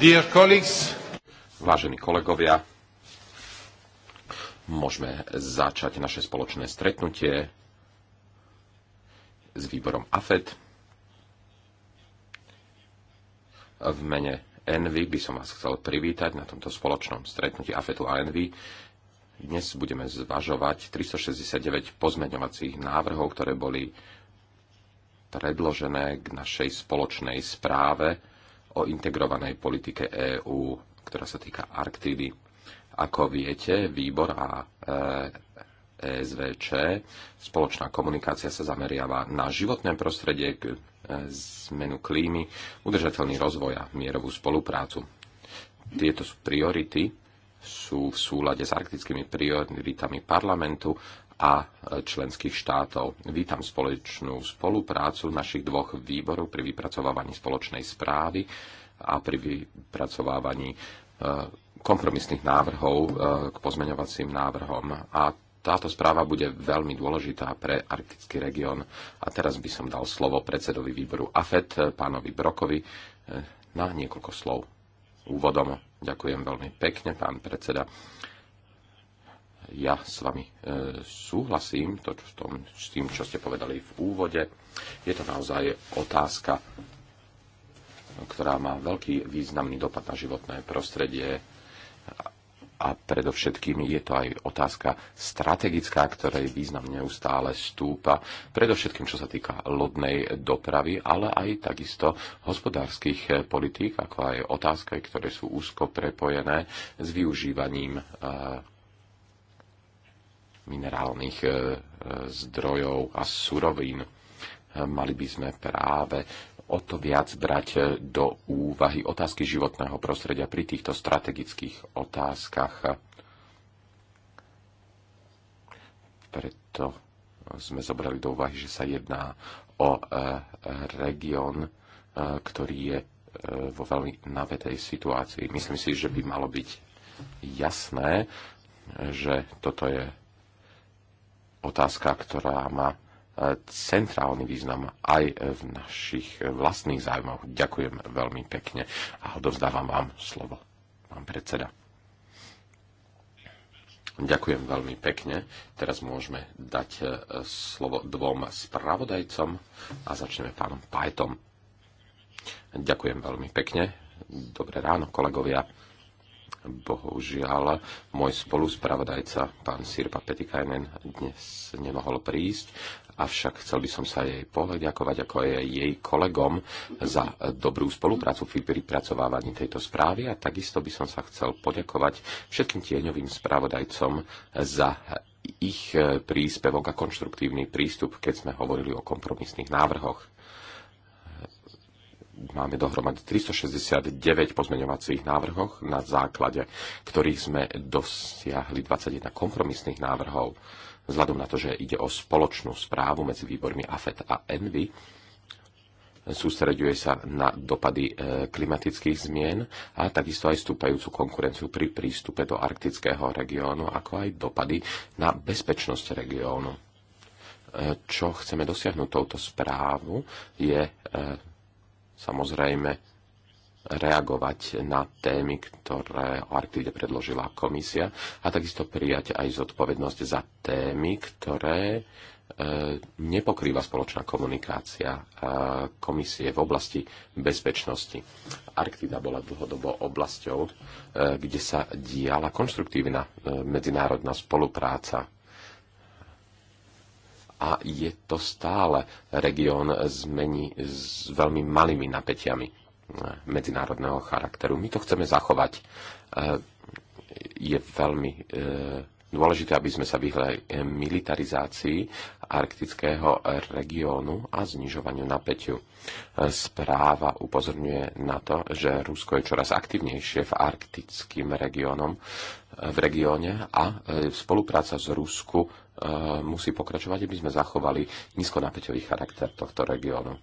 Dear colleagues, vážení kolegovia, môžeme začať naše spoločné stretnutie s výborom AFED. V mene Envy by som vás chcel privítať na tomto spoločnom stretnutí AFETu a Envy. Dnes budeme zvažovať 369 pozmeňovacích návrhov, ktoré boli predložené k našej spoločnej správe o integrovanej politike EÚ, ktorá sa týka Arktidy. Ako viete, výbor a ESVČ, e spoločná komunikácia sa zameriava na životné prostredie, k e, zmenu klímy, udržateľný rozvoj a mierovú spoluprácu. Tieto priority sú v súlade s arktickými prioritami parlamentu a členských štátov. Vítam spoločnú spoluprácu našich dvoch výborov pri vypracovávaní spoločnej správy a pri vypracovávaní eh, kompromisných návrhov eh, k pozmeňovacím návrhom. A táto správa bude veľmi dôležitá pre arktický región. A teraz by som dal slovo predsedovi výboru AFET, eh, pánovi Brokovi, na niekoľko slov úvodom. Ďakujem veľmi pekne, pán predseda ja s vami e, súhlasím to, čo, tom, s tým, čo ste povedali v úvode. Je to naozaj otázka, ktorá má veľký významný dopad na životné prostredie a predovšetkým je to aj otázka strategická, ktorej význam neustále stúpa, predovšetkým čo sa týka lodnej dopravy, ale aj takisto hospodárskych politík, ako aj otázky, ktoré sú úzko prepojené s využívaním e, minerálnych e, e, zdrojov a surovín. E, mali by sme práve o to viac brať do úvahy otázky životného prostredia pri týchto strategických otázkach. Preto sme zobrali do úvahy, že sa jedná o región, ktorý je vo veľmi navetej situácii. Myslím si, že by malo byť jasné, že toto je otázka, ktorá má e, centrálny význam aj v našich vlastných zájmoch. Ďakujem veľmi pekne a odovzdávam vám slovo, pán predseda. Ďakujem veľmi pekne. Teraz môžeme dať e, slovo dvom spravodajcom a začneme pánom Pajtom. Ďakujem veľmi pekne. Dobré ráno, kolegovia. Bohužiaľ, môj spoluspravodajca, pán Sirpa Petikajmen, dnes nemohol prísť, avšak chcel by som sa jej poďakovať ako aj jej kolegom za dobrú spoluprácu pri pripracovávaní tejto správy a takisto by som sa chcel poďakovať všetkým tieňovým spravodajcom za ich príspevok a konštruktívny prístup, keď sme hovorili o kompromisných návrhoch máme dohromady 369 pozmeňovacích návrhoch, na základe ktorých sme dosiahli 21 kompromisných návrhov. Vzhľadom na to, že ide o spoločnú správu medzi výbormi AFET a ENVY, sústreďuje sa na dopady e, klimatických zmien a takisto aj stúpajúcu konkurenciu pri prístupe do arktického regiónu, ako aj dopady na bezpečnosť regiónu. E, čo chceme dosiahnuť touto správu, je e, samozrejme reagovať na témy, ktoré o Arktide predložila komisia a takisto prijať aj zodpovednosť za témy, ktoré e, nepokrýva spoločná komunikácia e, komisie v oblasti bezpečnosti. Arktida bola dlhodobo oblasťou, e, kde sa diala konštruktívna medzinárodná spolupráca a je to stále región s, s veľmi malými napätiami eh, medzinárodného charakteru. My to chceme zachovať. Eh, je veľmi eh, dôležité, aby sme sa vyhli militarizácii arktického regiónu a znižovaniu napätiu. Správa upozorňuje na to, že Rusko je čoraz aktivnejšie v arktickým regiónom, v regióne a e, spolupráca s Rusku e, musí pokračovať, aby sme zachovali nízkonapäťový charakter tohto regiónu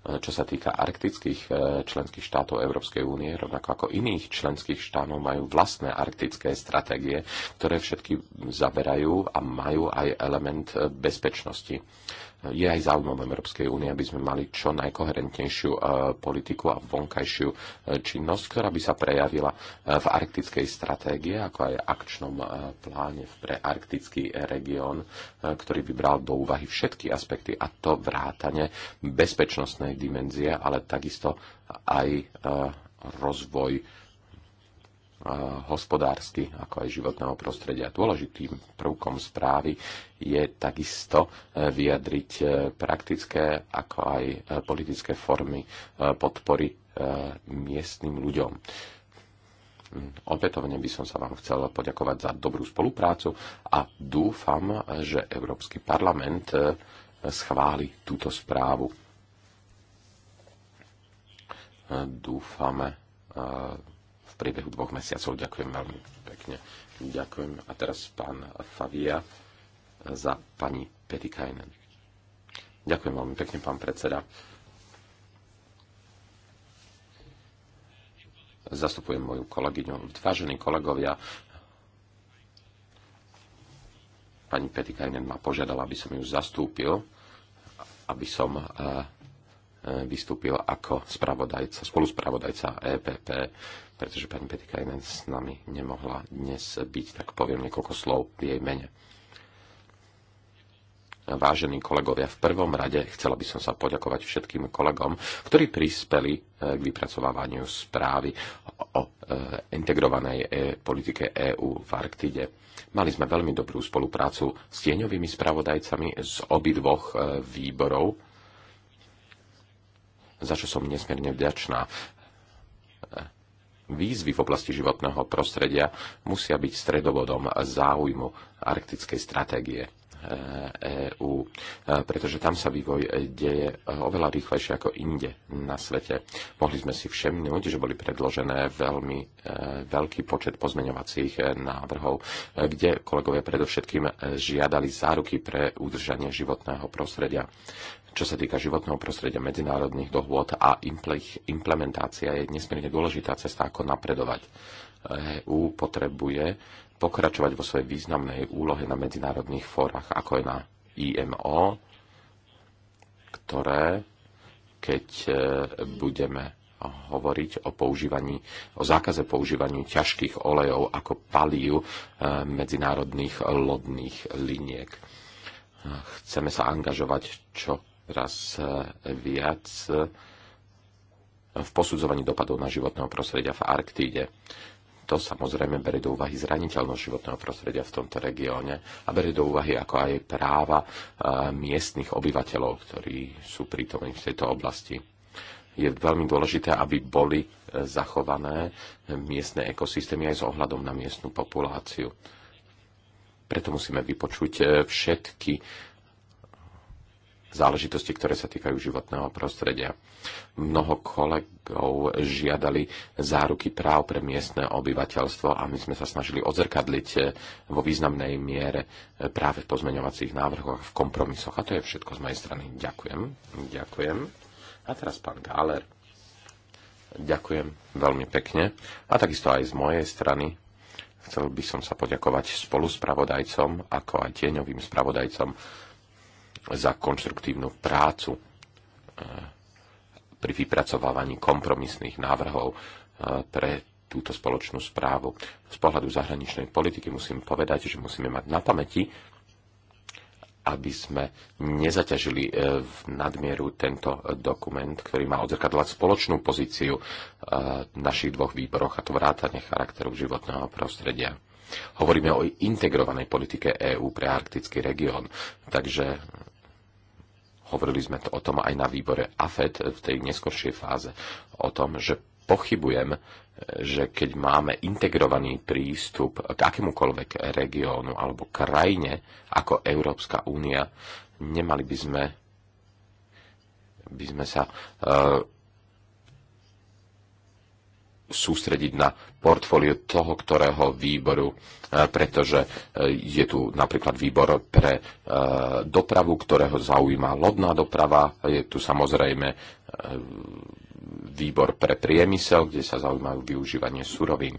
čo sa týka arktických e, členských štátov Európskej únie, rovnako ako iných členských štátov, majú vlastné arktické stratégie, ktoré všetky zaberajú a majú aj element e, bezpečnosti je aj záujmom Európskej únie, aby sme mali čo najkoherentnejšiu e, politiku a vonkajšiu e, činnosť, ktorá by sa prejavila e, v arktickej stratégie, ako aj akčnom pláne pre arktický región, ktorý by bral do úvahy všetky aspekty a to vrátane bezpečnostnej dimenzie, ale takisto aj rozvoj hospodársky, ako aj životného prostredia. Dôležitým prvkom správy je takisto e, vyjadriť e, praktické, ako aj e, politické formy podpory miestnym ľuďom. Mm, opätovne by som sa vám chcel poďakovať za dobrú spoluprácu a dúfam, že Európsky parlament schváli túto správu. Dúfame priebehu dvoch mesiacov. Ďakujem veľmi pekne. Ďakujem. A teraz pán Favia za pani Petikajnen. Ďakujem veľmi pekne, pán predseda. Zastupujem moju kolegyňu. Vážení kolegovia, pani Petikajnen ma požiadala, aby som ju zastúpil, aby som eh, eh, vystúpil ako spravodajca, spoluspravodajca EPP pretože pani Petikajnen s nami nemohla dnes byť, tak poviem niekoľko slov v jej mene. Vážení kolegovia, v prvom rade chcela by som sa poďakovať všetkým kolegom, ktorí prispeli eh, k vypracovávaniu správy o eh, integrovanej eh, politike EÚ v Arktide. Mali sme veľmi dobrú spoluprácu s tieňovými spravodajcami z obidvoch výborov, za čo som nesmierne vďačná výzvy v oblasti životného prostredia musia byť stredobodom záujmu arktickej stratégie. EÚ, eh, e eh, pretože tam sa vývoj deje eh, oveľa rýchlejšie ako inde na svete. Mohli sme si všemnúť, že boli predložené veľmi veľký počet pozmeňovacích návrhov, kde kolegovia predovšetkým žiadali záruky pre udržanie životného prostredia čo sa týka životného prostredia medzinárodných dohôd a implementácia je nesmierne dôležitá cesta, ako napredovať. EU potrebuje pokračovať vo svojej významnej úlohe na medzinárodných fórach, ako je na IMO, ktoré, keď e, budeme hovoriť o používaní, o zákaze používaniu ťažkých olejov ako palív e, medzinárodných lodných liniek. E, chceme sa angažovať čo raz viac v posudzovaní dopadov na životného prostredia v Arktíde. To samozrejme berie do úvahy zraniteľnosť životného prostredia v tomto regióne a berie do úvahy ako aj práva eh, miestnych obyvateľov, ktorí sú prítomní v tejto oblasti. Je veľmi dôležité, aby boli eh, zachované miestne ekosystémy aj s ohľadom na miestnu populáciu. Preto musíme vypočuť eh, všetky záležitosti, ktoré sa týkajú životného prostredia. Mnoho kolegov žiadali záruky práv pre miestne obyvateľstvo a my sme sa snažili odzrkadliť eh, vo významnej miere eh, práve v pozmeňovacích návrhoch, v kompromisoch. A to je všetko z mojej strany. Ďakujem. Ďakujem. A teraz pán Gáler. Ďakujem veľmi pekne. A takisto aj z mojej strany chcel by som sa poďakovať spoluspravodajcom, ako aj tieňovým spravodajcom za konštruktívnu prácu e, pri vypracovávaní kompromisných návrhov e, pre túto spoločnú správu. Z pohľadu zahraničnej politiky musím povedať, že musíme mať na pamäti, aby sme nezaťažili e, v nadmieru tento dokument, ktorý má odzrkadľovať spoločnú pozíciu v našich dvoch výboroch, a to vrátane charakteru životného prostredia. Hovoríme o integrovanej politike EÚ pre arktický región. Takže hovorili sme to o tom aj na výbore AFED v tej neskoršej fáze, o tom, že pochybujem, že keď máme integrovaný prístup k akémukoľvek regiónu alebo krajine ako Európska únia, nemali by sme, by sme sa uh, sústrediť na portfólio toho, ktorého výboru, e, pretože e, je tu napríklad výbor pre e, dopravu, ktorého zaujíma lodná doprava, je tu samozrejme výbor pre priemysel, kde sa zaujímajú využívanie surovín.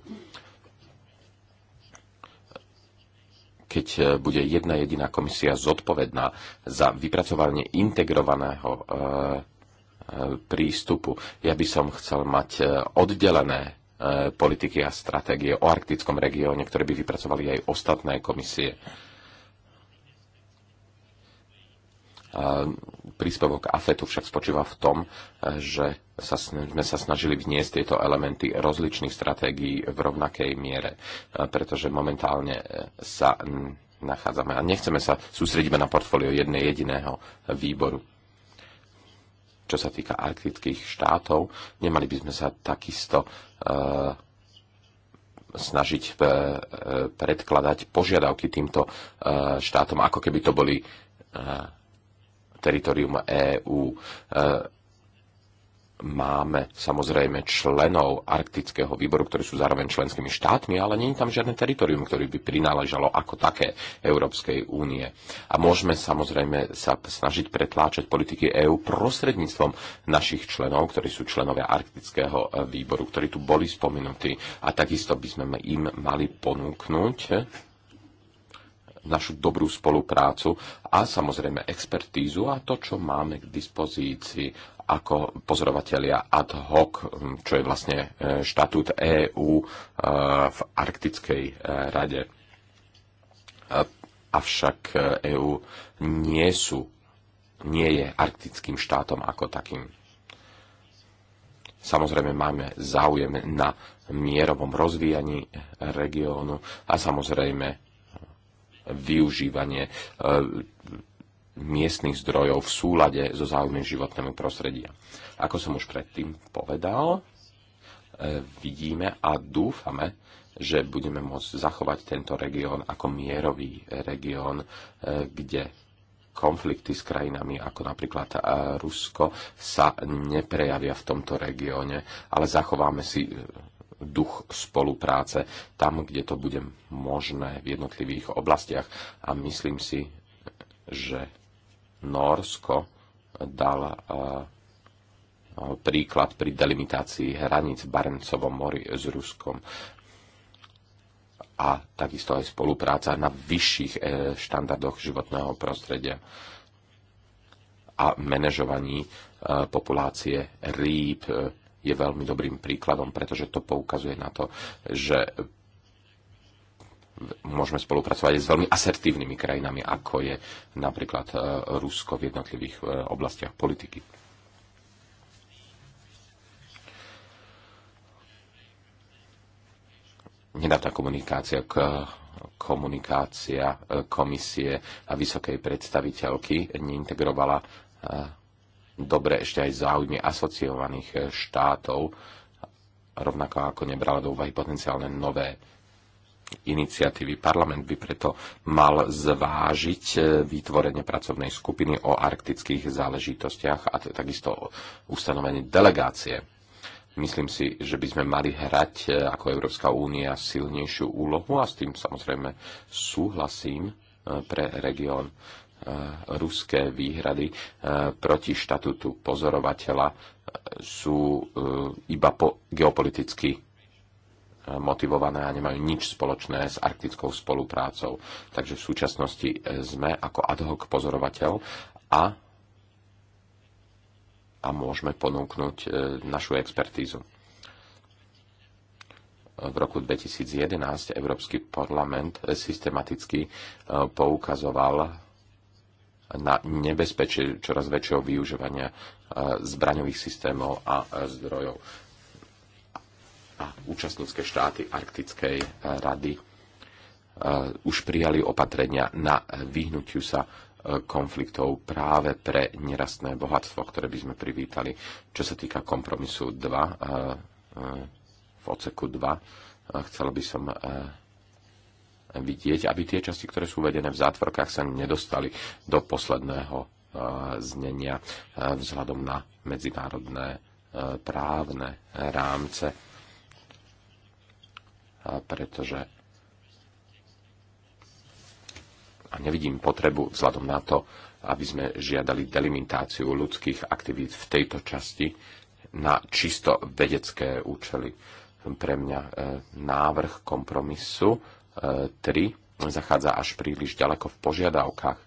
keď bude jedna jediná komisia zodpovedná za vypracovanie integrovaného prístupu. Ja by som chcel mať e, oddelené e, politiky a stratégie o arktickom regióne, ktoré by vypracovali aj ostatné komisie. E, príspevok AFETu však spočíva v tom, že sa, sme sa snažili vniesť tieto elementy rozličných stratégií v rovnakej miere, pretože momentálne sa nachádzame a nechceme sa sústrediť na portfólio jednej jediného výboru. Čo sa týka arktických štátov, nemali by sme sa takisto e, snažiť e, e, predkladať požiadavky týmto štátom, ako keby to boli teritorium EÚ máme samozrejme členov Arktického výboru, ktorí sú zároveň členskými štátmi, ale nie je tam žiadne teritorium, ktoré by prináležalo ako také Európskej únie. A môžeme samozrejme sa snažiť pretláčať politiky EÚ prostredníctvom našich členov, ktorí sú členovia Arktického výboru, ktorí tu boli spomenutí. A takisto by sme im mali ponúknuť našu dobrú spoluprácu a samozrejme expertízu a to, čo máme k dispozícii ako pozorovatelia ad hoc, čo je vlastne e, štatút EÚ e, v Arktickej e, rade. Avšak EÚ nie sú, nie je arktickým štátom ako takým. Samozrejme máme záujem na mierovom rozvíjaní regiónu a samozrejme využívanie miestnych zdrojov v súlade so záujmem životného prostredia. Ako som už predtým povedal, e, vidíme a dúfame, že budeme môcť zachovať tento región ako mierový región, e, kde konflikty s krajinami ako napríklad e, Rusko sa neprejavia v tomto regióne, ale zachováme si duch spolupráce tam, kde to bude možné v jednotlivých oblastiach. A myslím si, že Norsko dal eh, príklad pri delimitácii hraníc v Barencovom mori s Ruskom a takisto aj spolupráca na vyšších eh, štandardoch životného prostredia a manažovaní eh, populácie rýb je veľmi dobrým príkladom, pretože to poukazuje na to, že môžeme spolupracovať aj s veľmi asertívnymi krajinami, ako je napríklad e, Rusko v jednotlivých e, oblastiach politiky. Nedávna komunikácia k komunikácia e, komisie a vysokej predstaviteľky neintegrovala dobre ešte aj záujmy asociovaných štátov, rovnako ako nebrala do úvahy potenciálne nové iniciatívy. Parlament by preto mal zvážiť e, vytvorenie pracovnej skupiny o arktických záležitostiach a takisto ustanovenie delegácie. Myslím si, že by sme mali hrať e, ako Európska únia silnejšiu úlohu a s tým samozrejme súhlasím e, pre región ruské výhrady proti štatutu pozorovateľa sú iba po geopoliticky motivované a nemajú nič spoločné s arktickou spoluprácou. Takže v súčasnosti e, sme ako ad hoc pozorovateľ a, a môžeme ponúknuť e, našu expertízu. V roku 2011 Európsky parlament e, systematicky poukazoval na nebezpečie čoraz väčšieho využívania zbraňových systémov a zdrojov a účastnícke štáty Arktickej eh, rady eh, už prijali opatrenia na vyhnutiu sa eh, konfliktov práve pre nerastné bohatstvo, ktoré by sme privítali. Čo sa týka kompromisu 2, v oceku 2, chcela by som vidieť, aby tie časti, ktoré sú uvedené v zátvorkách, sa nedostali do posledného znenia vzhľadom na medzinárodné právne rámce pretože a nevidím potrebu vzhľadom na to, aby sme žiadali delimitáciu ľudských aktivít v tejto časti na čisto vedecké účely. Pre mňa e, návrh kompromisu 3 e, zachádza až príliš ďaleko v požiadavkách.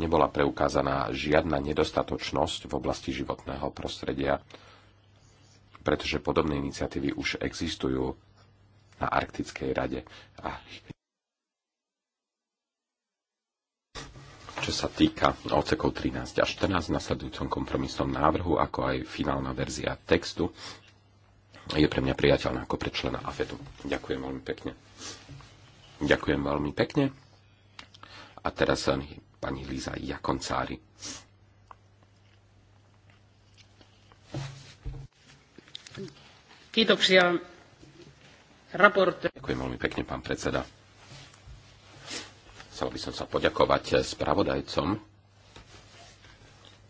Nebola preukázaná žiadna nedostatočnosť v oblasti životného prostredia pretože podobné iniciatívy už existujú na Arktickej rade. A čo sa týka odsekov 13 a 14 v nasledujúcom kompromisnom návrhu, ako aj finálna verzia textu, je pre mňa priateľná ako pre člena AFETu. Ďakujem veľmi pekne. Ďakujem veľmi pekne. A teraz pani Líza Jakoncári. Ďakujem veľmi pekne, pán predseda. Chcel by som sa poďakovať spravodajcom,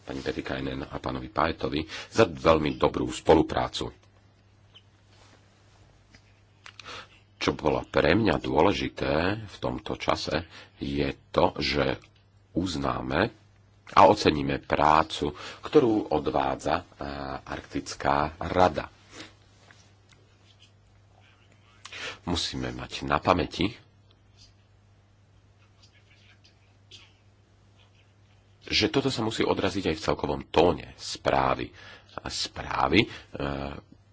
pani Petikajnen a pánovi Pajetovi, za veľmi dobrú spoluprácu. Čo bolo pre mňa dôležité v tomto čase, je to, že uznáme a oceníme prácu, ktorú odvádza Arktická rada. musíme mať na pamäti, že toto sa musí odraziť aj v celkovom tóne správy. Správy, e,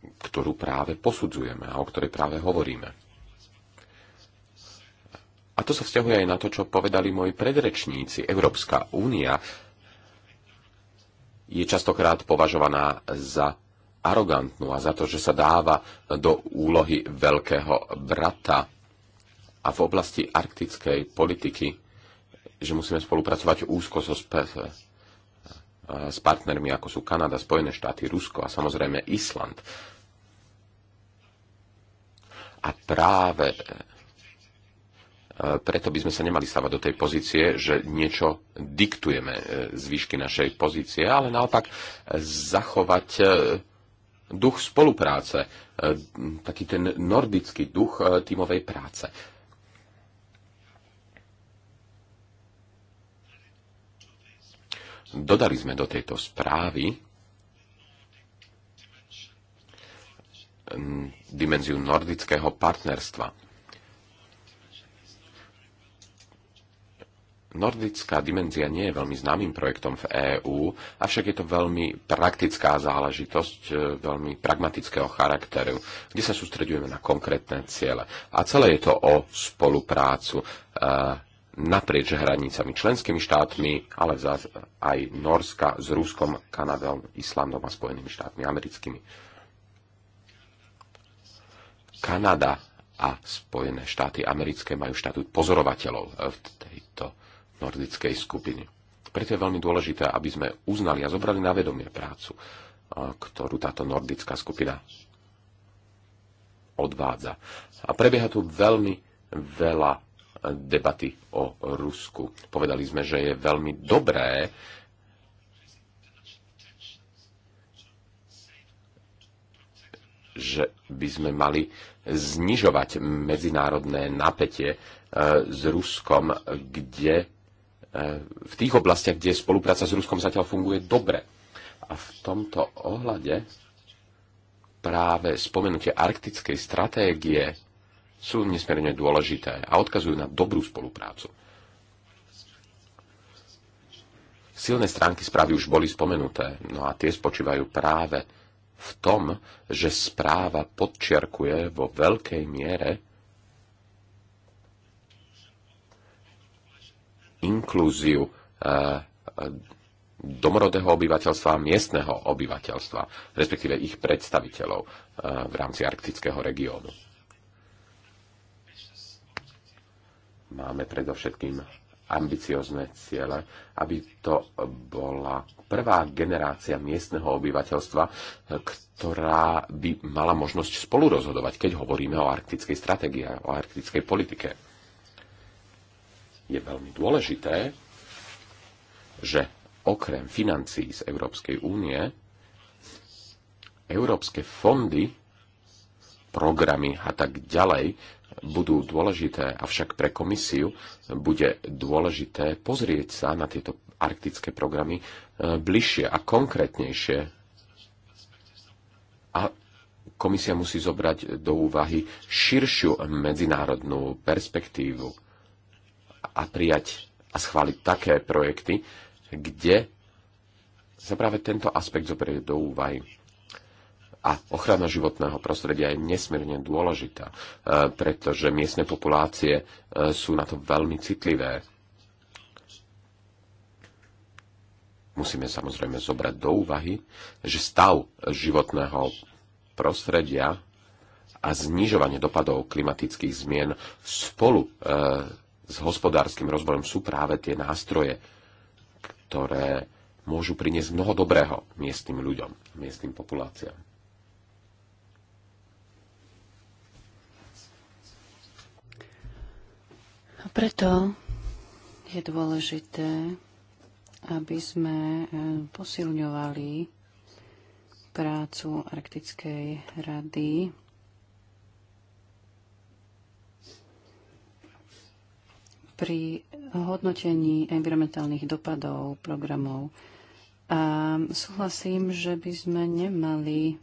ktorú práve posudzujeme a o ktorej práve hovoríme. A to sa vzťahuje aj na to, čo povedali moji predrečníci. Európska únia je častokrát považovaná za arogantnú a za to, že sa dáva do úlohy veľkého brata a v oblasti arktickej politiky, že musíme spolupracovať úzko so SPF, s partnermi ako sú Kanada, Spojené štáty, Rusko a samozrejme Island. A práve e, preto by sme sa nemali stávať do tej pozície, že niečo diktujeme e, z výšky našej pozície, ale naopak e, zachovať duch spolupráce, e, taký ten nordický duch e, týmovej práce. Dodali sme do tejto správy dimenziu nordického partnerstva Nordická dimenzia nie je veľmi známym projektom v EÚ, avšak je to veľmi praktická záležitosť, e, veľmi pragmatického charakteru, kde sa sústredujeme na konkrétne ciele. A celé je to o spoluprácu e, naprieč hranicami členskými štátmi, ale aj Norska s Ruskom, Kanadou, Islandom a Spojenými štátmi americkými. Kanada a Spojené štáty americké majú štatút pozorovateľov e, v tej nordickej skupiny. Preto je veľmi dôležité, aby sme uznali a zobrali na vedomie prácu, ktorú táto nordická skupina odvádza. A prebieha tu veľmi veľa debaty o Rusku. Povedali sme, že je veľmi dobré že by sme mali znižovať medzinárodné napätie e, s Ruskom, kde Eh, v tých oblastiach, kde spolupráca s Ruskom zatiaľ funguje dobre. A v tomto ohľade práve spomenutie arktickej stratégie sú nesmierne dôležité a odkazujú na dobrú spoluprácu. Silné stránky správy už boli spomenuté, no a tie spočívajú práve v tom, že správa podčiarkuje vo veľkej miere inklúziu eh, domorodého obyvateľstva a miestneho obyvateľstva, respektíve ich predstaviteľov eh, v rámci arktického regiónu. Máme predovšetkým ambiciozne ciele, aby to bola prvá generácia miestneho obyvateľstva, eh, ktorá by mala možnosť spolurozhodovať, keď hovoríme o arktickej stratégii, o arktickej politike je veľmi dôležité, že okrem financií z Európskej únie, európske fondy, programy a tak ďalej budú dôležité, avšak pre komisiu bude dôležité pozrieť sa na tieto arktické programy e, bližšie a konkrétnejšie. A komisia musí zobrať do úvahy širšiu medzinárodnú perspektívu a prijať a schváliť také projekty, kde sa práve tento aspekt zoberie do úvahy. A ochrana životného prostredia je nesmierne dôležitá, e, pretože miestne populácie e, sú na to veľmi citlivé. Musíme samozrejme zobrať do úvahy, že stav životného prostredia a znižovanie dopadov klimatických zmien spolu e, s hospodárskym rozvojom sú práve tie nástroje, ktoré môžu priniesť mnoho dobrého miestnym ľuďom, miestnym populáciám. A preto je dôležité, aby sme e, posilňovali prácu Arktickej rady pri hodnotení environmentálnych dopadov programov. A súhlasím, že by sme nemali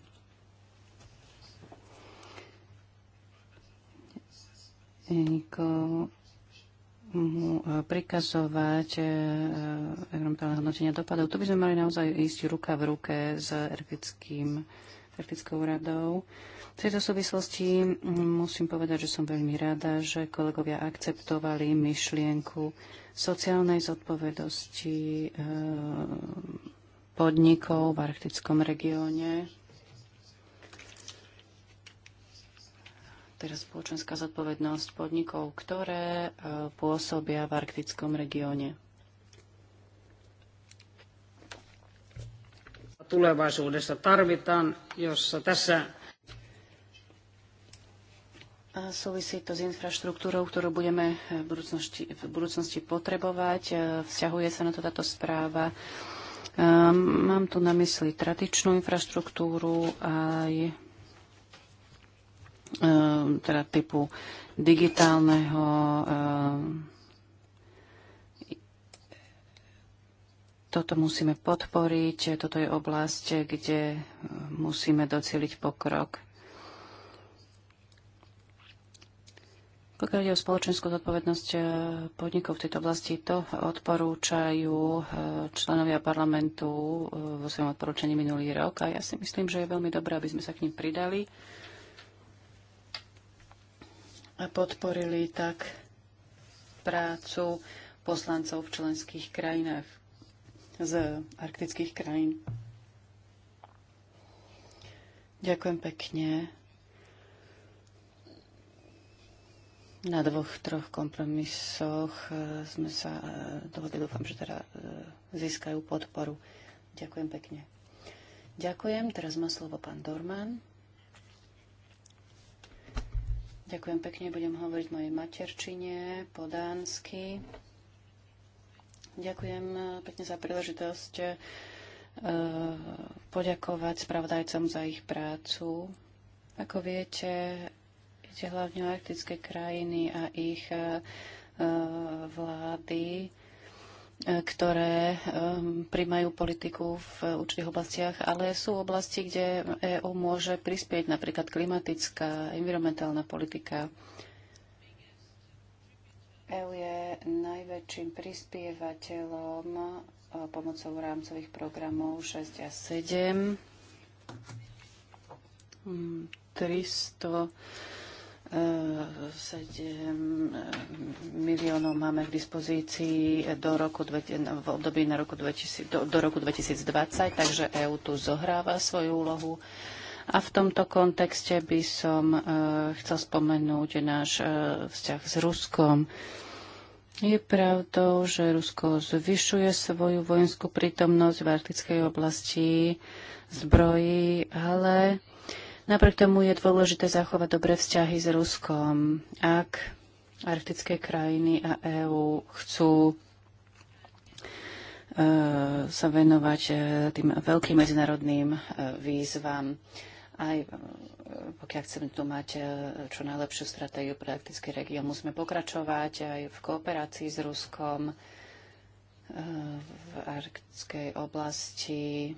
nikomu e, prikazovať e, environmentálne hodnotenia dopadov. Tu by sme mali naozaj ísť ruka v ruke s elektrickým, elektrickou radou. V tejto súvislosti musím povedať, že som veľmi rada, že kolegovia akceptovali myšlienku sociálnej zodpovednosti eh, podnikov v arktickom regióne. Teraz spoločenská zodpovednosť podnikov, ktoré eh, pôsobia v arktickom regióne. tulevaisuudessa tarvitaan, jossa tässä súvisí to s infraštruktúrou, ktorú budeme eh, v budúcnosti, v budúcnosti potrebovať. Eh, vzťahuje sa na to táto správa. Ehm, mám tu na mysli tradičnú infraštruktúru aj ehm, teda typu digitálneho ehm, toto musíme podporiť. Toto je oblasť, kde eh, musíme docieliť pokrok. Pokiaľ ide o spoločenskú zodpovednosť e, podnikov v tejto oblasti, to odporúčajú e, členovia parlamentu e, vo svojom odporúčaní minulý rok a ja si myslím, že je veľmi dobré, aby sme sa k ním pridali a podporili tak prácu poslancov v členských krajinách z arktických krajín. Ďakujem pekne Na dvoch, troch kompromisoch e, sme sa e, dohodli. Dúfam, že teda e, získajú podporu. Ďakujem pekne. Ďakujem. Teraz má slovo pán Dorman. Ďakujem pekne. Budem hovoriť mojej materčine po dánsky. Ďakujem pekne za príležitosť poďakovať spravodajcom za ich prácu. Ako viete, ide hlavne arktické krajiny a ich e, vlády, e, ktoré e, príjmajú politiku v určitých oblastiach, ale sú oblasti, kde EÚ môže prispieť, napríklad klimatická, environmentálna politika. EÚ je najväčším prispievateľom pomocou rámcových programov 6 a 7. 300 hmm, 7 eh, miliónov máme k dispozícii do roku, v období na roku 2000, do, do roku 2020, takže EÚ tu zohráva svoju úlohu. A v tomto kontexte by som eh, chcel spomenúť náš eh, vzťah s Ruskom. Je pravdou, že Rusko zvyšuje svoju vojenskú prítomnosť v arktickej oblasti zbrojí, ale Napriek tomu je dôležité zachovať dobré vzťahy s Ruskom. Ak arktické krajiny a EÚ chcú e, sa venovať e, tým veľkým medzinárodným e, výzvam. Aj pokiaľ chceme tu mať čo najlepšiu stratégiu pre arktický región, musíme pokračovať aj v kooperácii s Ruskom v arktickej oblasti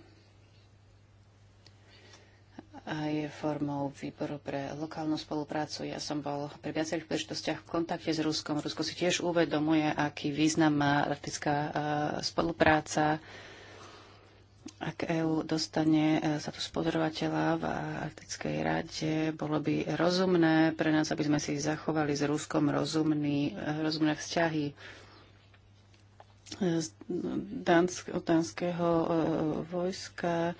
aj formou výboru pre lokálnu spoluprácu. Ja som bol pri viacerých príležitostiach v kontakte s Ruskom. Rusko si tiež uvedomuje, aký význam má arktická e, spolupráca. Ak EÚ dostane e, sa tu spodorovateľa v Arktickej rade, bolo by rozumné pre nás, aby sme si zachovali s Ruskom rozumný, e, rozumné vzťahy od dánskeho e, vojska,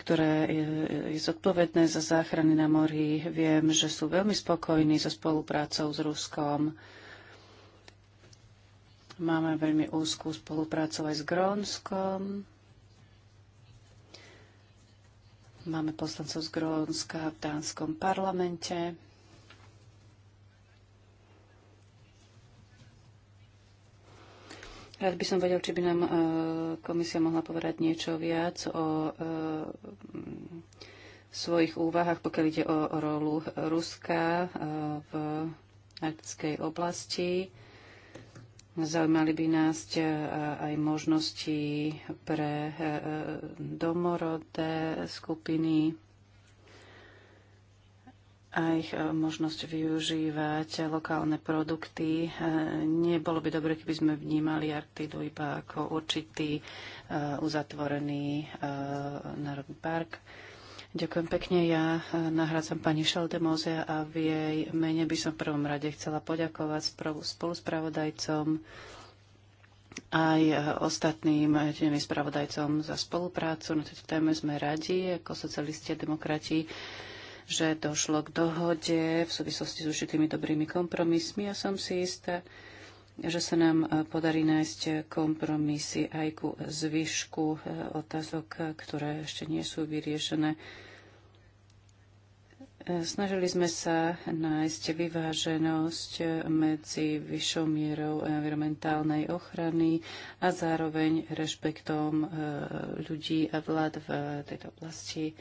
ktoré je, je zodpovedné za záchrany na mori. Viem, že sú veľmi spokojní so spoluprácou s Ruskom. Máme veľmi úzkú spoluprácu aj s Grónskom. Máme poslancov z Grónska v dánskom parlamente. Rád by som vedel, či by nám eh, komisia mohla povedať niečo viac o eh, svojich úvahách, pokiaľ ide o rolu Ruska eh, v arktickej oblasti. Zaujímali by nás aj možnosti pre domorodé skupiny a ich e, možnosť využívať lokálne produkty. E, nebolo by dobre, keby sme vnímali Arktidu iba ako určitý e, uzatvorený národný park. Ďakujem pekne. Ja nahrádzam pani Šaldemoze a v jej mene by som v prvom rade chcela poďakovať spoluspravodajcom aj ostatným tými spravodajcom za spoluprácu. Na tejto téme sme radi, ako socialisti a demokrati že došlo k dohode v súvislosti s určitými dobrými kompromismi a ja som si istá, že sa nám e, podarí nájsť kompromisy aj ku zvyšku e, otázok, e, ktoré ešte nie sú vyriešené. Snažili sme sa nájsť vyváženosť medzi vyššou mierou environmentálnej ochrany a zároveň rešpektom ľudí a vlád v tejto oblasti.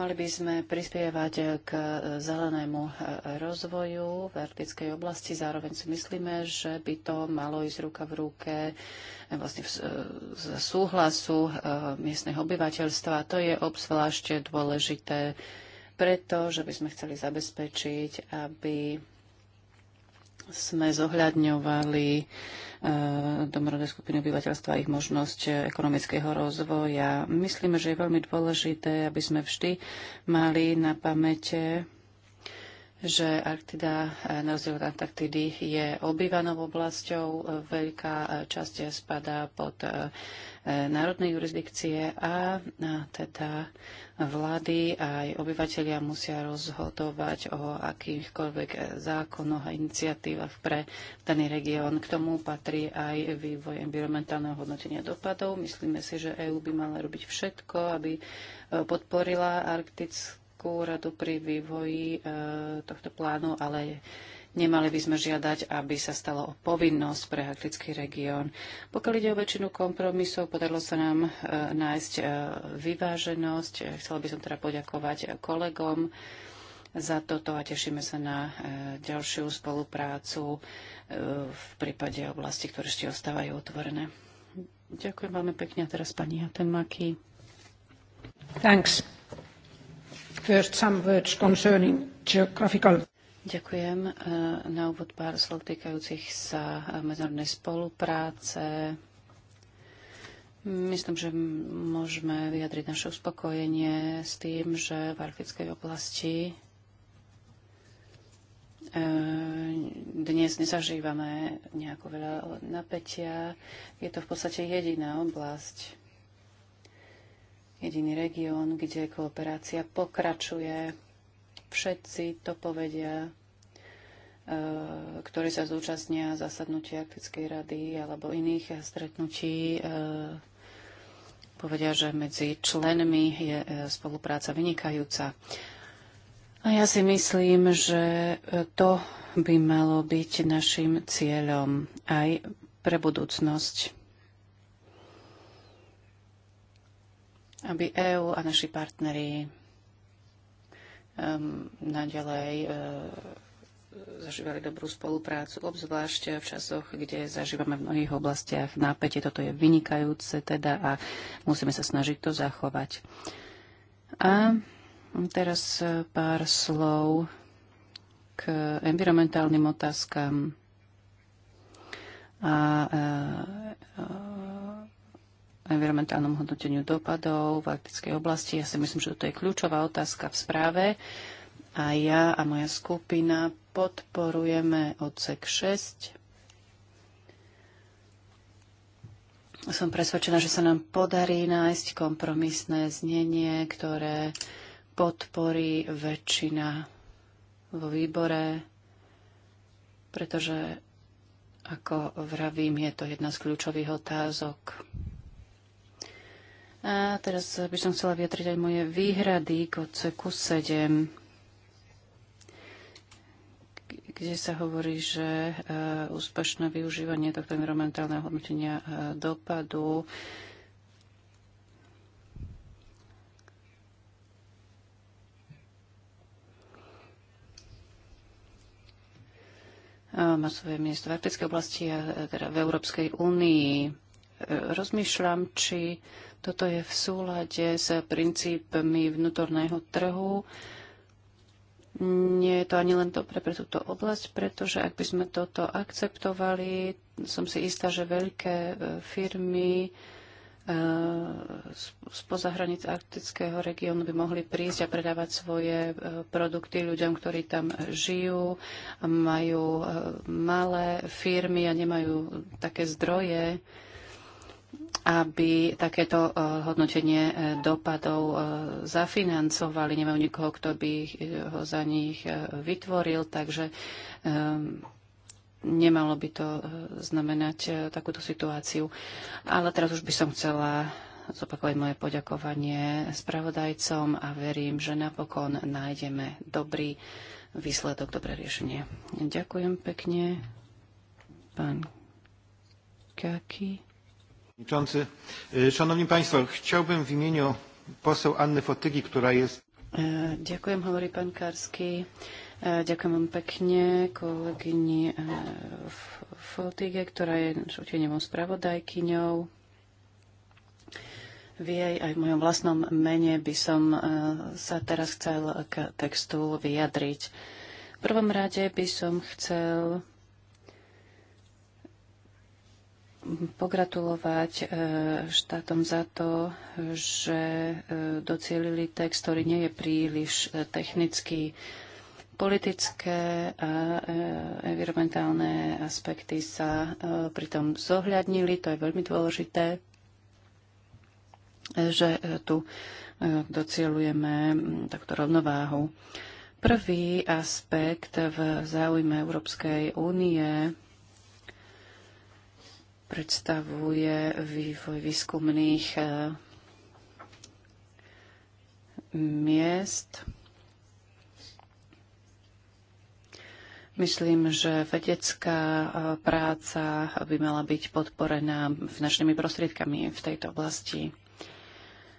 Mali by sme prispievať k zelenému rozvoju v arktickej oblasti. Zároveň si myslíme, že by to malo ísť ruka v ruke eh, vlastne eh, z súhlasu eh, miestneho obyvateľstva. To je obzvlášť dôležité preto, že by sme chceli zabezpečiť, aby sme zohľadňovali e, domorodé skupiny obyvateľstva a ich možnosť ekonomického rozvoja. Myslíme, že je veľmi dôležité, aby sme vždy mali na pamäte že Arktida e, na rozdiel od Antarktidy je obývanou oblasťou, e, veľká e, časť spadá pod národné jurisdikcie a teda vlády aj obyvateľia musia rozhodovať o akýchkoľvek zákonoch a iniciatívach pre daný región. K tomu patrí aj vývoj environmentálneho hodnotenia dopadov. Myslíme si, že EÚ by mala robiť všetko, aby podporila arktickú úradu pri vývoji e, tohto plánu, ale nemali by sme žiadať, aby sa stalo povinnosť pre Arktický región. Pokiaľ ide o väčšinu kompromisov, podarilo sa nám e, nájsť e, vyváženosť. Chcela by som teda poďakovať kolegom za toto a tešíme sa na ďalšiu spoluprácu v prípade oblasti, ktoré ešte ostávajú otvorené. Ďakujem veľmi pekne a teraz pani Hatemaki. Thanks. First some words concerning geographical Ďakujem. E, na úvod pár slov týkajúcich sa e, medzinárodnej spolupráce. Myslím, že môžeme vyjadriť naše uspokojenie s tým, že v arktickej oblasti e, dnes nezažívame nejako veľa napätia. Je to v podstate jediná oblasť, jediný región, kde kooperácia pokračuje. Všetci to povedia, e, ktorí sa zúčastnia zasadnutia Arktickej rady alebo iných stretnutí, e, povedia, že medzi členmi je e, spolupráca vynikajúca. A ja si myslím, že to by malo byť našim cieľom aj pre budúcnosť. aby EÚ a naši partneri um, naďalej uh, zažívali dobrú spoluprácu, obzvlášť v časoch, kde zažívame v mnohých oblastiach napätie. Toto je vynikajúce teda a musíme sa snažiť to zachovať. A teraz pár slov k environmentálnym otázkam a, a e, environmentálnom hodnoteniu dopadov v arktickej oblasti. Ja si myslím, že toto je kľúčová otázka v správe. A ja a moja skupina podporujeme odsek 6. Som presvedčená, že sa nám podarí nájsť kompromisné znenie, ktoré podporí väčšina vo výbore, pretože, ako vravím, je to jedna z kľúčových otázok a teraz by som chcela vyjadriť aj moje výhrady k odseku 7, kde sa hovorí, že e, úspešné využívanie tohto environmentálneho hodnotenia e, dopadu e, má svoje miesto v Arktickej oblasti a teda v Európskej únii. Rozmýšľam, či toto je v súlade s princípmi vnútorného trhu. Nie je to ani len dobre pre túto oblasť, pretože ak by sme toto akceptovali, som si istá, že veľké e, firmy e, spoza hranic arktického regiónu by mohli prísť a predávať svoje e, produkty ľuďom, ktorí tam žijú, majú malé firmy a nemajú také zdroje aby takéto e, hodnotenie e, dopadov e, zafinancovali. Nemajú nikoho, kto by ho za nich vytvoril, takže nemalo by to znamenať takúto situáciu. Ale teraz už by som chcela zopakovať moje poďakovanie spravodajcom a verím, že napokon nájdeme dobrý výsledok, dobré riešenie. Ďakujem pekne. Pán Kaki. Przewodniczący, e, Szanowni Państwo, chciałbym w imieniu poseł Anny Fotygi, która jest... Ďakujem, hovorí pán Karski. Ďakujem e, vám pekne kolegyni e, Fotige, ktorá je našou spravodajkyňou. V jej aj v mojom vlastnom mene by som sa teraz chcel k textu vyjadriť. V prvom rade by som chcel pogratulovať e, štátom za to, že e, docielili text, ktorý nie je príliš e, technický. Politické a environmentálne aspekty sa pritom zohľadnili, to je veľmi dôležité, že tu docielujeme takto rovnováhu. Prvý aspekt v záujme Európskej únie predstavuje vývoj výskumných eh, miest. Myslím, že vedecká eh, práca by mala byť podporená finančnými prostriedkami v tejto oblasti.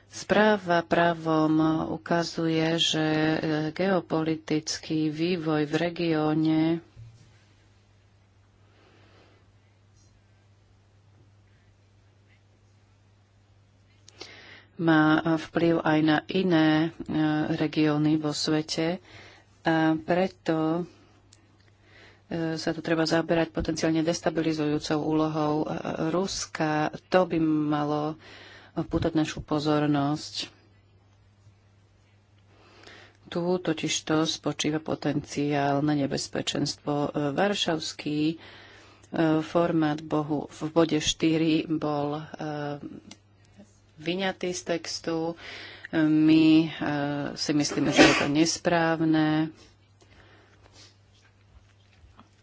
Správa právom ukazuje, že eh, geopolitický vývoj v regióne má vplyv aj na iné e, regióny vo svete a preto e, sa tu treba zaoberať potenciálne destabilizujúcou úlohou e, Ruska. To by malo pútať našu pozornosť. Tu totiž to spočíva potenciál na nebezpečenstvo. Varšavský formát Bohu v bode 4 bol vyňatý z textu. My e, si myslíme, že je to nesprávne.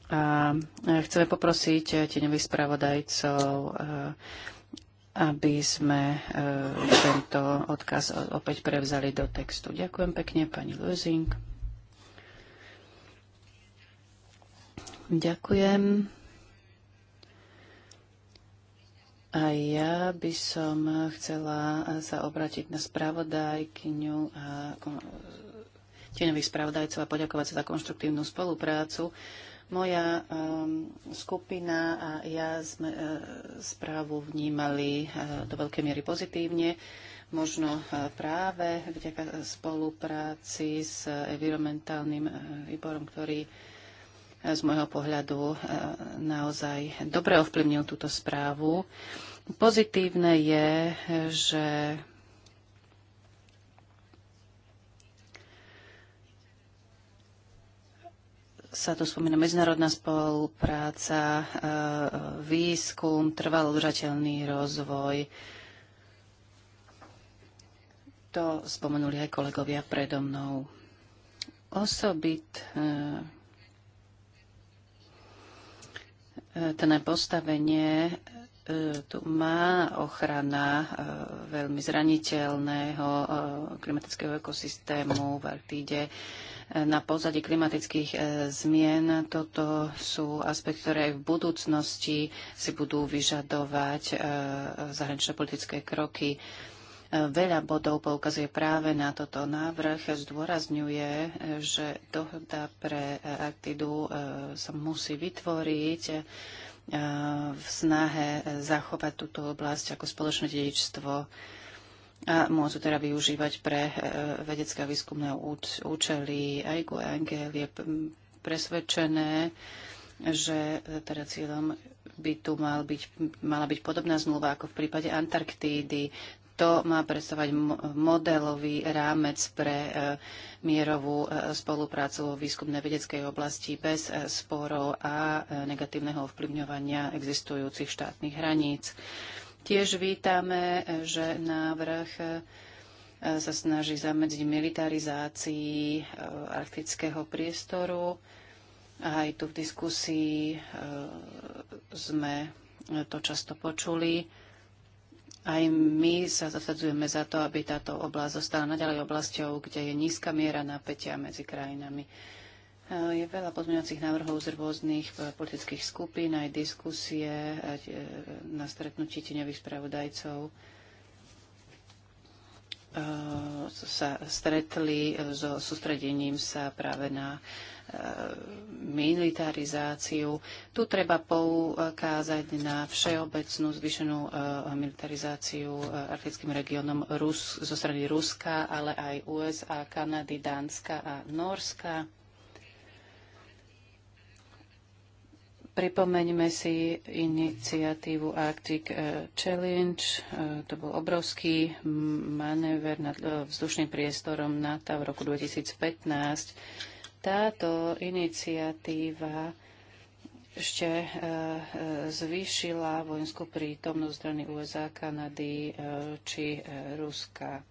A e, chceme poprosiť tieňových spravodajcov, e, aby sme tento odkaz opäť prevzali do textu. Ďakujem pekne, pani Lozing. Ďakujem. A ja by som chcela sa obrátiť na spravodajkyňu a tieňových spravodajcov a poďakovať sa za konštruktívnu spoluprácu. Moja um, skupina a ja sme uh, správu vnímali uh, do veľkej miery pozitívne, možno uh, práve vďaka spolupráci s environmentálnym uh, výborom, ktorý uh, z môjho pohľadu e, naozaj dobre ovplyvnil túto správu. Pozitívne je, že sa tu spomína medzinárodná spolupráca, e, výskum, trvalo udržateľný rozvoj. To spomenuli aj kolegovia predo mnou. Osobit e, Tené postavenie e, tu má ochrana e, veľmi zraniteľného e, klimatického ekosystému v Arktíde. Na pozadí klimatických zmien toto sú aspekty, ktoré aj v budúcnosti si budú vyžadovať zahraničné politické kroky. Veľa bodov poukazuje práve na toto návrh. Zdôrazňuje, že dohoda pre Arktidu e, sa musí vytvoriť e, v snahe zachovať túto oblasť ako spoločné dedičstvo a môžu teda využívať pre e, vedecké a výskumné účely. Aj Angel je presvedčené, že teda cieľom by tu mal byť, mala byť podobná zmluva ako v prípade Antarktídy to má predstavovať modelový rámec pre e, mierovú e, spoluprácu vo výskumnej vedeckej oblasti bez e, sporov a negatívneho ovplyvňovania existujúcich štátnych hraníc. Tiež vítame, že návrh sa snaží zamedziť militarizácii arktického priestoru. Aj tu v diskusii sme to často počuli aj my sa zasadzujeme za to, aby táto oblasť zostala naďalej oblasťou, kde je nízka miera napätia medzi krajinami. E, je veľa pozmeňovacích návrhov z rôznych e, politických skupín, aj diskusie e, na stretnutí tieňových spravodajcov sa stretli so sústredením sa práve na Eh, militarizáciu. Tu treba poukázať na všeobecnú zvyšenú eh, militarizáciu eh, arktickým regiónom Rus, zo strany Ruska, ale aj USA, Kanady, Dánska a Norska. Pripomeňme si iniciatívu Arctic Challenge. To bol obrovský manéver nad vzdušným priestorom NATO v roku 2015 táto iniciatíva ešte e, e, zvýšila vojenskú prítomnosť strany USA, Kanady e, či Ruska.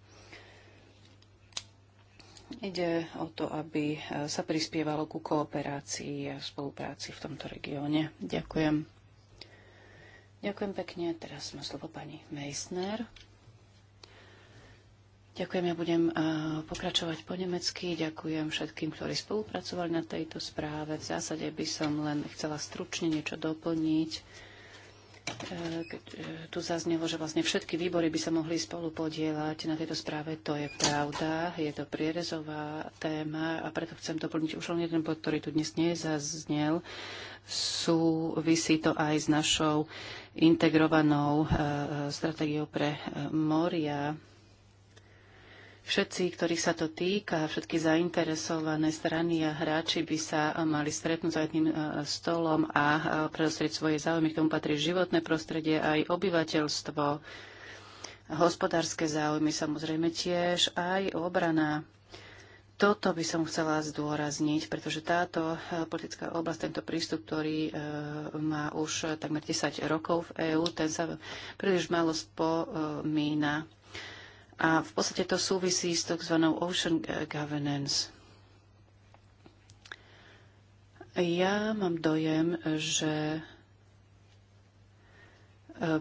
Ide o to, aby sa prispievalo ku kooperácii a spolupráci v tomto regióne. Ďakujem. Ďakujem pekne. Teraz má slovo pani Meissner. Ďakujem, ja budem eh, pokračovať po nemecky. Ďakujem všetkým, ktorí spolupracovali na tejto správe. V zásade by som len chcela stručne niečo doplniť. Eh, eh, tu zaznelo, že vlastne všetky výbory by sa mohli spolu podielať na tejto správe. To je pravda, je to prierezová téma a preto chcem doplniť už len jeden bod, ktorý tu dnes nezaznel. Súvisí to aj s našou integrovanou stratégiou pre moria Všetci, ktorí sa to týka, všetky zainteresované strany a hráči by sa mali stretnúť za jedným e, stolom a e, predostrieť svoje záujmy. K tomu patrí životné prostredie, aj obyvateľstvo, hospodárske záujmy samozrejme tiež, aj obrana. Toto by som chcela zdôrazniť, pretože táto e, politická oblasť, tento prístup, ktorý má už takmer 10 rokov v EÚ, ten sa príliš málo spomína a v podstate to súvisí s tzv. ocean governance. Ja mám dojem, že e,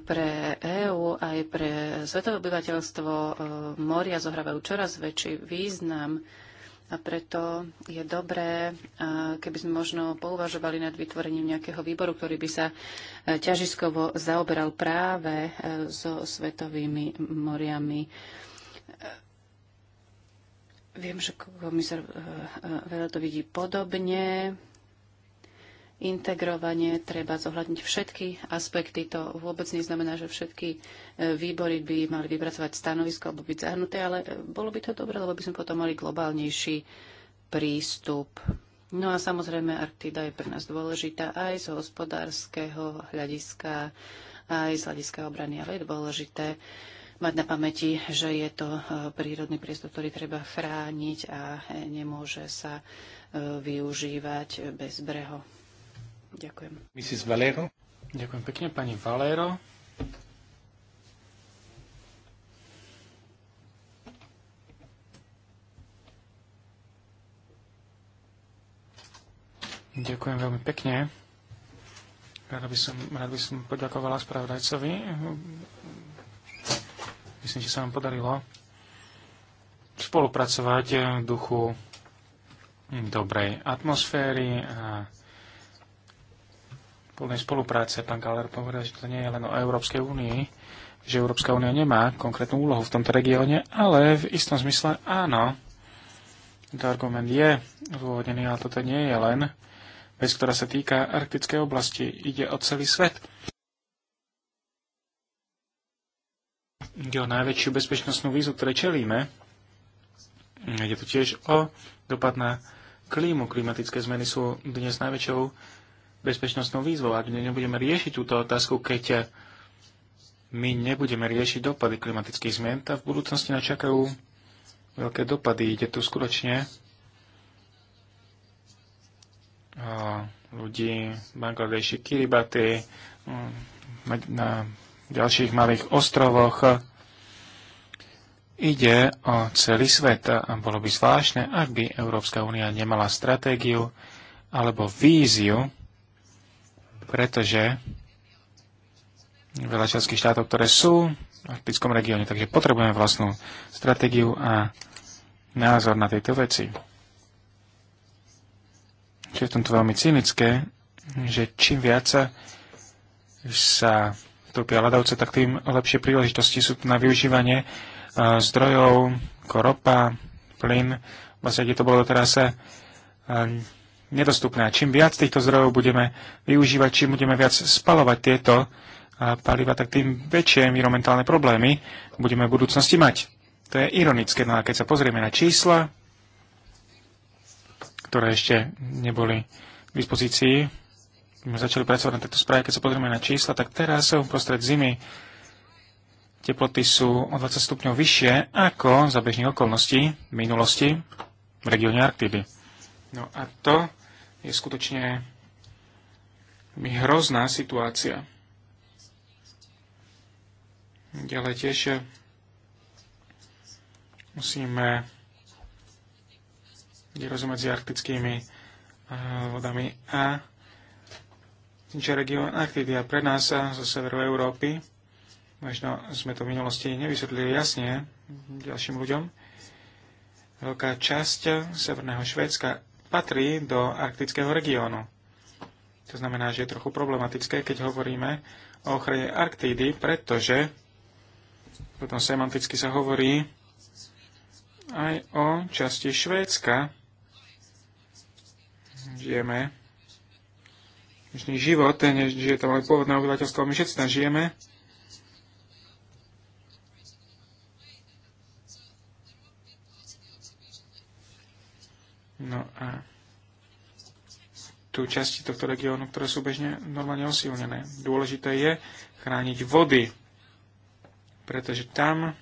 pre EÚ aj pre svetové obyvateľstvo e, moria zohrávajú čoraz väčší význam. A preto je dobré, keby sme možno pouvažovali nad vytvorením nejakého výboru, ktorý by sa e, ťažiskovo zaoberal práve e, so svetovými moriami. E, viem, že komisár veľa to vidí podobne integrovanie treba zohľadniť všetky aspekty. To vôbec neznamená, že všetky e, výbory by mali vypracovať stanovisko alebo byť zahrnuté, ale e, bolo by to dobré, lebo by sme potom mali globálnejší prístup. No a samozrejme Arktida je pre nás dôležitá aj z hospodárskeho hľadiska, aj z hľadiska obrany, ale je dôležité mať na pamäti, že je to e, prírodný priestor, ktorý treba chrániť a nemôže sa využívať bez breho. Ďakujem. Mrs. Valero. Ďakujem pekne, pani Valero. Ďakujem veľmi pekne. Rád by som, rád by som poďakovala spravodajcovi. Myslím, že sa vám podarilo spolupracovať v duchu dobrej atmosféry a plnej spolupráce. Pán Galer povedal, že to nie je len o Európskej únii, že Európska únia nemá konkrétnu úlohu v tomto regióne, ale v istom zmysle áno. Tento argument je zôvodený, ale toto nie je len vec, ktorá sa týka arktickej oblasti. Ide o celý svet. Ide o najväčšiu bezpečnostnú vízu, ktoré čelíme. Ide tu tiež o dopad na klímu. Klimatické zmeny sú dnes najväčšou bezpečnostnou výzvou. Ak nebudeme riešiť túto otázku, keď my nebudeme riešiť dopady klimatických zmien, tak v budúcnosti nás čakajú veľké dopady. Ide tu skutočne ľudí v Bangladeši, Kiribati, mm, na ďalších malých ostrovoch. Ide o celý svet a bolo by zvláštne, ak by Európska únia nemala stratégiu alebo víziu pretože veľa členských štátov, ktoré sú v Arctickom regióne, takže potrebujeme vlastnú stratégiu a názor na tejto veci. Čo je v tomto veľmi cynické, že čím viac sa, sa trpia tak tým lepšie príležitosti sú na využívanie e, zdrojov, koropa, plyn. Vlastne, kde to bolo doteraz, e, nedostupné. Čím viac týchto zdrojov budeme využívať, čím budeme viac spalovať tieto paliva, tak tým väčšie environmentálne problémy budeme v budúcnosti mať. To je ironické, no a keď sa pozrieme na čísla, ktoré ešte neboli k dispozícii, sme začali pracovať na tejto správe, keď sa pozrieme na čísla, tak teraz uprostred zimy teploty sú o 20 stupňov vyššie ako za bežných okolností v minulosti v regióne Arktidy. No a to je skutočne mi hrozná situácia. Ďalej tiež eh, musíme rozumieť s arktickými eh, vodami a region Arktidia pre nás eh, zo severu Európy, možno sme to v minulosti nevysvetlili jasne ďalším ľuďom, veľká časť severného Švédska patrí do arktického regiónu. To znamená, že je trochu problematické, keď hovoríme o ochrane Arktídy, pretože potom semanticky sa hovorí aj o časti Švédska. Žijeme dnešný život, než je to aj pôvodné obyvateľstvo, my všetci tam žijeme No a tu časti tohto regiónu, ktoré sú bežne normálne osilnené. Dôležité je chrániť vody, pretože tam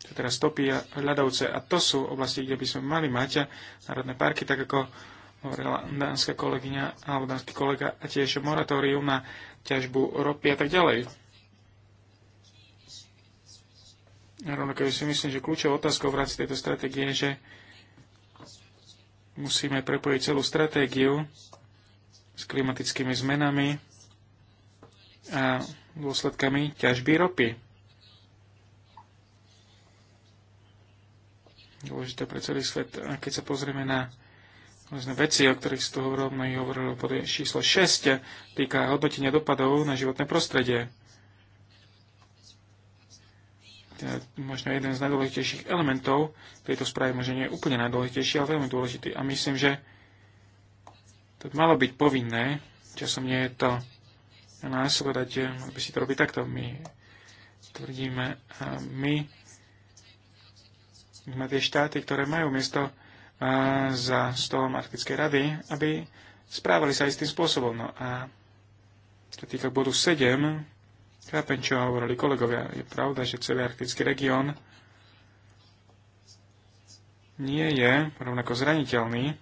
sa teraz topí ľadovce a to sú oblasti, kde by sme mali mať národné parky, tak ako hovorila dánska kolegyňa alebo dánsky kolega a tiež moratórium na ťažbu ropy a tak ďalej. A rovnako si myslím, že kľúčovou otázkou v rámci tejto stratégie je, že Musíme prepojiť celú stratégiu s klimatickými zmenami a dôsledkami ťažby ropy. Dôležité pre celý svet. A keď sa pozrieme na rôzne veci, o ktorých si tu hovorilo, mnohí hovorili číslo 6, týka hodnotenia dopadov na životné prostredie možno jeden z najdôležitejších elementov tejto správy, možno nie je úplne najdôležitejší, ale veľmi dôležitý. A myslím, že to malo byť povinné, časom nie je to na nás povedať, aby si to robiť takto. My tvrdíme, a my sme tie štáty, ktoré majú miesto za stolom Arktickej rady, aby správali sa istým spôsobom. No a čo týka bodu 7, Chápem, čo hovorili kolegovia. Je pravda, že celý arktický región nie je rovnako zraniteľný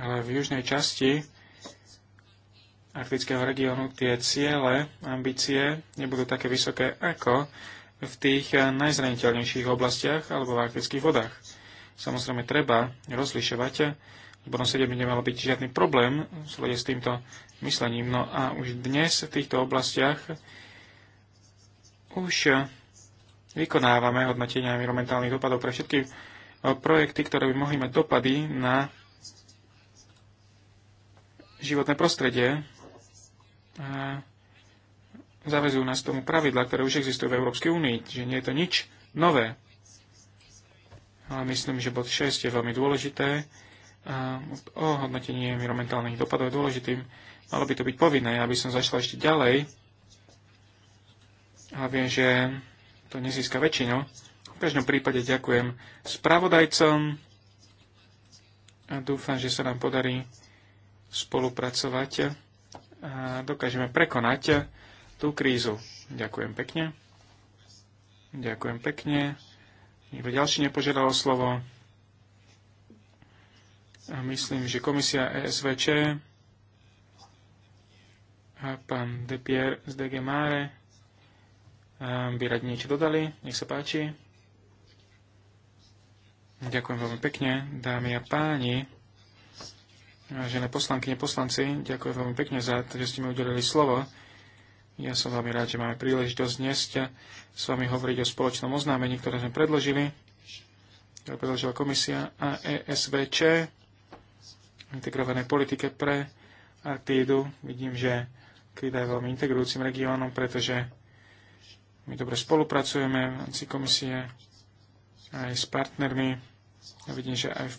ale v južnej časti arktického regiónu tie ciele, ambície nebudú také vysoké ako v tých najzraniteľnejších oblastiach alebo v arktických vodách. Samozrejme, treba rozlišovať Bodom 7 by nemal byť žiadny problém v slede s týmto myslením. No a už dnes v týchto oblastiach už vykonávame hodnotenia environmentálnych dopadov pre všetky e, projekty, ktoré by mohli mať dopady na životné prostredie. A zavezujú nás tomu pravidla, ktoré už existujú v Európskej únii, že nie je to nič nové. Ale myslím, že bod 6 je veľmi dôležité o hodnotení environmentálnych dopadov je dôležitým. Malo by to byť povinné, aby som zašla ešte ďalej. A viem, že to nezíska väčšinu. V každom prípade ďakujem spravodajcom a dúfam, že sa nám podarí spolupracovať a dokážeme prekonať tú krízu. Ďakujem pekne. Ďakujem pekne. Niekto ďalší nepožiadal o slovo. Myslím, že komisia ESVČ a pán Pierre z DG Mare by radi niečo dodali. Nech sa páči. Ďakujem veľmi pekne, dámy a páni. Vážené poslankyne, poslanci, ďakujem veľmi pekne za to, že ste mi udelili slovo. Ja som veľmi rád, že máme príležitosť dnes s vami hovoriť o spoločnom oznámení, ktoré sme predložili, ktoré predložila komisia a ESVČ integrovanej politike pre Arktídu. Vidím, že Arktída je veľmi integrujúcim regiónom, pretože my dobre spolupracujeme v rámci komisie aj s partnermi. Ja vidím, že aj v,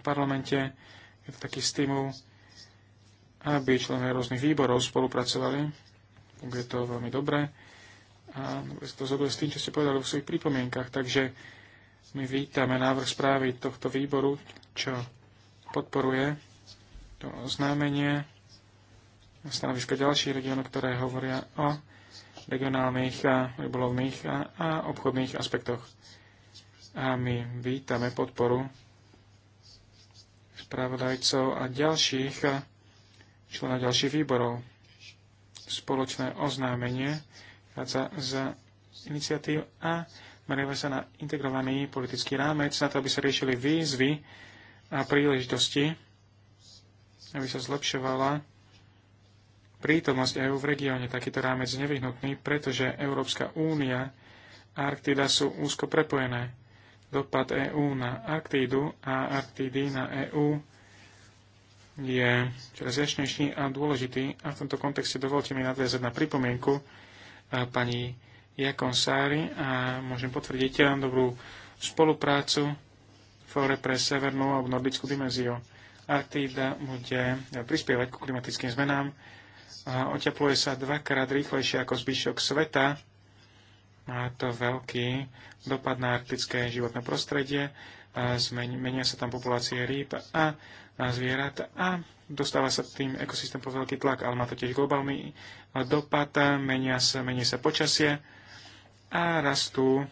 v parlamente je to taký stimul, aby členovia rôznych výborov spolupracovali. Je to veľmi dobré. A to zhoduje s tým, čo ste povedali v svojich pripomienkach. Takže my vítame návrh správy tohto výboru, čo podporuje to oznámenie stanoviska ďalších regionov, ktoré hovoria o regionálnych a rybolovných a, a obchodných aspektoch. A my vítame podporu spravodajcov a ďalších členov ďalších výborov. Spoločné oznámenie chádza za iniciatív a merieva sa na integrovaný politický rámec na to, aby sa riešili výzvy, a príležitosti, aby sa zlepšovala prítomnosť EÚ v regióne. Takýto rámec nevyhnutný, pretože Európska únia a Arktida sú úzko prepojené. Dopad EÚ na Arktídu a Arktídy na EÚ je čoraz jašnejší a dôležitý. A v tomto kontexte dovolte mi nadviazať na pripomienku e, pani Jakon Sári a môžem potvrdiť e, dobrú spoluprácu fóre pre severnú alebo nordickú dimenziu. Arktída bude prispievať ku klimatickým zmenám. Oťapluje otepluje sa dvakrát rýchlejšie ako zvyšok sveta. Má to veľký dopad na arktické životné prostredie. menia sa tam populácie rýb a, zvierat a dostáva sa tým ekosystém po veľký tlak, ale má to tiež globálny dopad, menia sa, menia sa počasie a rastú,